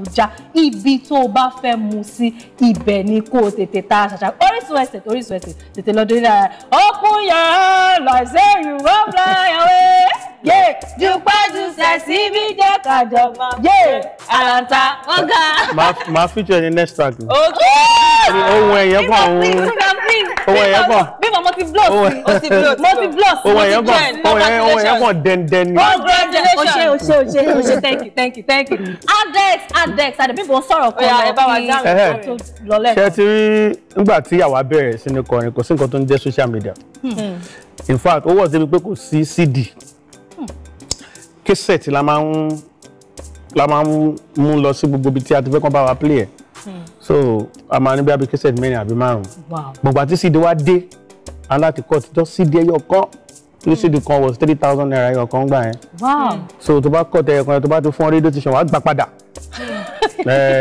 Àbújá ibi tó o bá fẹ́ mu sí ibẹ̀ ni kó o tètè ta ṣàṣà Orísun ẹsẹ̀ Orísun ẹsẹ̀ tètè lọ dórí dára ọkùn yà á lọ́sẹ̀ yorùbá fly away. yé jùpájù sẹ̀sì bí jẹ́ kájọ máa yé àlàntà ọ̀gá. máa feature ẹni next track. ok ohun ẹ̀yẹ́ kan òun gbọ̀n. bímọ mo ti blow sí mo ti blow sí mo ti join congratulations. ohun ẹ̀yẹ́ kàn dẹ́ndẹ́n ni. congratulations. o ṣe o ṣe o ṣe thank you thank you thank you. adex adex adebimbo ń sọ̀rọ̀ kan lọ kí lọ́lẹ̀. ṣe ti rí nígbà tí àwa bẹ̀rẹ̀ sí ní kọrin kò sí nǹkan tó ń jẹ́ social media hmm. Hmm. in fact ó wọ̀ débi pé kò sí cd késẹ̀tì hmm. la máa ń la máa ń mú lọ sí gbogbo ibi tí a ti fẹ́ kàn bá wa play ẹ̀ so a máa ní bí abikẹ́sẹ̀ mẹ́rin àbí márùn-ún gbọ̀ngbà tí cd wa dé aláti kọ́ ti tọ́ cd ẹyọ kan tí cd kan was three thousand naira ẹyọ kan gbà yẹn so tó bá court tẹ ẹyọ kan tó bá tún fún rédíò tẹsán wàá gbà padà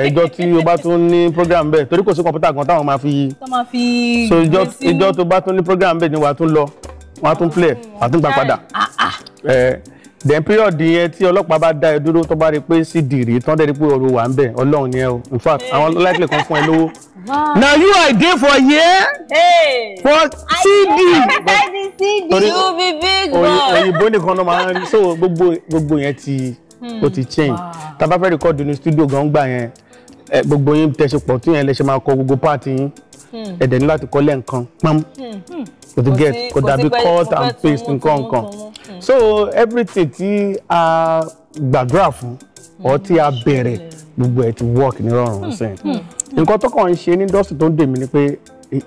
ìjọ hmm. tí o bá tún ní program bẹ́ẹ̀ torí kò sí kọ̀ǹpútà kan táwọn máa fi so ìjọ tó bá tún ní program bẹ́ẹ̀ ni wàá tún lọ wàá tún play oh, wàá tún gbà padà. Ah, ah then period yẹn tí ọlọ́pàá bá dá ẹ dúró tó bá rí pé cd rí tán dẹ̀ rí pé ọ̀rọ̀ wà ń bẹ̀ ọlọ́run ni ẹ o in fact àwọn likely kan fún ẹ lówó. na you are there for here hey. for cd. i be cd you be big boy. òyìnbó nìkan náà máa ń rí so gbogbo gbogbo yẹn ti ó ti hmm. change tá a bá fẹ́ record ní studio gan gbà yẹn gbogbo yín tẹ̀sí pọ̀ tí yẹn lè ṣe máa kọ gbogbo part yín hmm. ẹ̀dẹ̀ ní láti kọ́ lẹ́ǹkan pam. Hmm, kò ti get kò dàbí cut and paste nǹkan nǹkan hmm. so everything tí a gbàdúrà fún ọ hmm. tí a bẹ̀rẹ̀ gbogbo ẹ̀ ti work ní rọrùn hmm. sẹ́yìn nǹkan tó kàn ń ṣe ní industry tó ń dè mí ni pé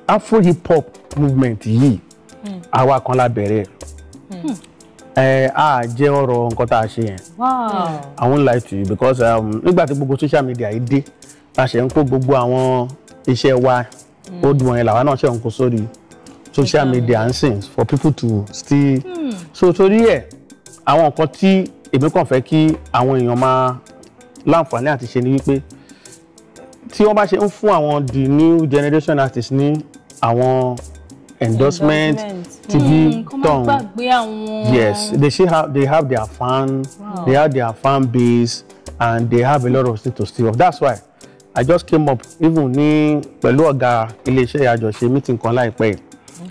afro hip hop movement yìí àwa kan la bẹ̀rẹ̀ ẹ a jẹ ọ̀rọ̀ nǹkan tá a ṣe yẹn i won't lie to you because um, nígbà tí gbogbo social media yìí dé la ṣe ń kó gbogbo àwọn iṣẹ́ wa ó dùn ọ̀yẹ́ làwa náà ṣe ń kó sórí social media and things for people to still mm. so torí ẹ àwọn nǹkan tí èmi kàn fẹ́ kí àwọn èèyàn máa láǹfààní àti ṣe ni wípé tí wọ́n bá ṣe ń fún àwọn the new generation artists ní àwọn endorsement tv hmm, tong yes they still have they have their fan wow. they have their fan base and they have a lot of things to steal off that's why i just came up even ní pẹ̀lú ọ̀gá iléeṣẹ́ àjọṣe meeting kan láìpẹ́ yìí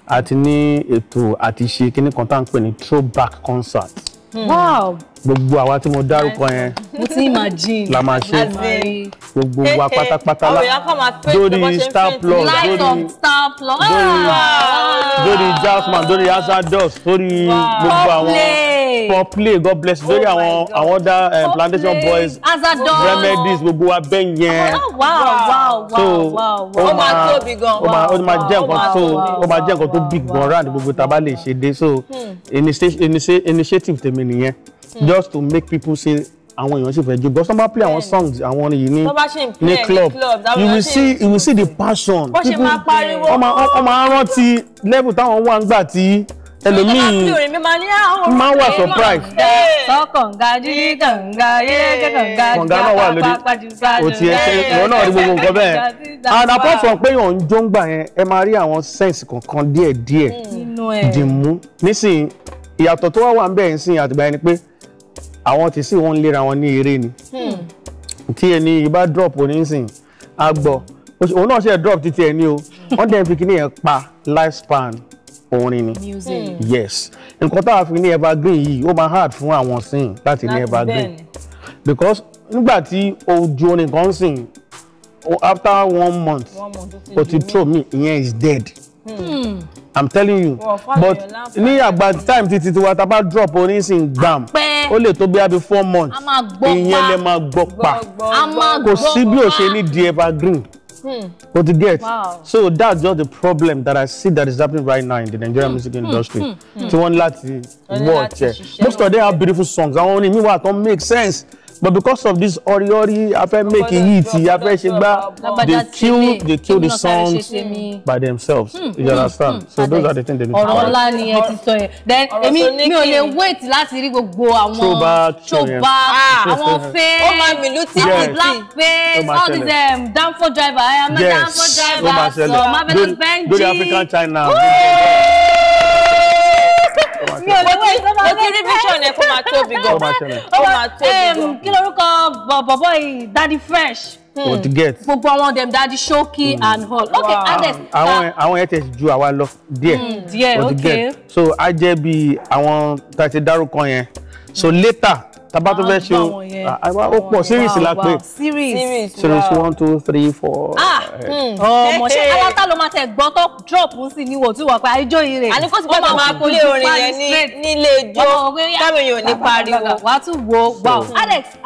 a ti ní ètò àti ṣe kíní kan tá à ń pè ní throwback concert. Hmm. wow gbogbo àwa tí mo dárúkọ yẹn mo ti imagine la máa ṣe gbogbo wa pátápátá la lórí star plus lórí lórí jazz man, lórí asados lórí gbogbo àwọn mọ play god bless lórí àwọn àwọn other eh, plantation boys remedies gbogbo wa bẹ́ẹ̀ yẹn oh, so ó máa tóbi gan ó máa jẹ́ nǹkan tó ó máa jẹ́ nǹkan tó big gan round gbogbo tá a bá lè ṣe dé so hmm. initiative tèmi nìyẹn hmm. just to make people say àwọn èèyàn sì fẹ́ jó bọ́ sọ́nbà play àwọn songs àwọn orin yìí ní ní club you will see you will see the passion people wọ́n máa rántí level táwọn wà ń gbà tí ẹlòmíì ah, máa wà surprise. sọ kànga jí kànga yé kànga jí kànga wà lórí òtí ẹsẹ ìwọ náà rí gbogbo nǹkan bẹ́ẹ̀ and apart from pé yàn ń jó ń gbà yẹn ẹ máa rí àwọn sense kankan díẹ̀ díẹ̀ dìmú nísìnyí ìyàtọ̀ tó wá wà ń bẹ̀ yẹn sìn àtìgbà yẹn ni pé àwọn tí sì wọ́n ń lera wọn ní eré ni hmm. tí ẹni ìbá drop onísìn àgbọ̀ òun náà ṣe drop títí ẹni o wọ́n dẹ̀ fi kíní yẹn pa life span orin ni hmm. yes nǹkan táwa fi ní evergreen yìí ó máa hard fún àwọn sìn láti ní evergreen because nígbà tí ojú orin kan sìn after one month One month. o ti throw me ìyẹn is dead hmm. i'm telling you well, but ní àgbà time títí tiwa tá a bá drop orin sìn gbam ó lè tó bí abi four months ìyẹn lè máa gbọ́ pa kò sí bí o ṣe ní di evergreen. Mm. But to get wow. so that's just the problem that I see that is happening right now in the Nigerian mm. music hmm. industry. Mm. Mm. To one láti watch, most of them have beautiful songs. I only mean what don't make sense but because of this ori ori a fẹ́ make yìí a fẹ́ ṣe gbá they kill they kill the songs by themselves hmm. you understand hmm. so those are the things they need to do. ọ̀rọ̀ ńlá ni ẹ ti sọ yẹn then èmi mi ò lè wait láti rí gbogbo àwọn choba àwọn ah. fẹ́ blackface all these um, danfo driver ayama danfo driver so mabelo bengji lórí African China mi ò lè wọ ìsọmọ bẹ́ẹ̀ mo ti rí vision ẹ̀ kó máa tóbi gan ó máa tóbi um, gan. kí lorúkọ bọ̀bọ̀ yìí Daddy Fresh. o hmm. ti get. gbogbo àwọn dem Daddy Shoki hmm. and all. ok Ades. Uh, àwọn àwọn yẹn tẹ̀ ju àwa lọ díẹ̀. Hmm, díẹ̀ ok so a jẹ́ bí àwọn tá a ti dárúkọ yẹn so later tàbá tó fẹ́ ṣe àwa ó pọ̀ series la pé series series one two three four. Ah, ọmọ ah, oh, ṣe aláta ló máa tẹ gbọ́ tó drop ń sì níwò tí wọ́n pa ijó yìí rè. àní kó sì gbọ́dọ̀ máa kó lé orin yẹn nílé ijó ah, táwọn èèyàn ní pariwo. wàá tún wo wow hmm. alex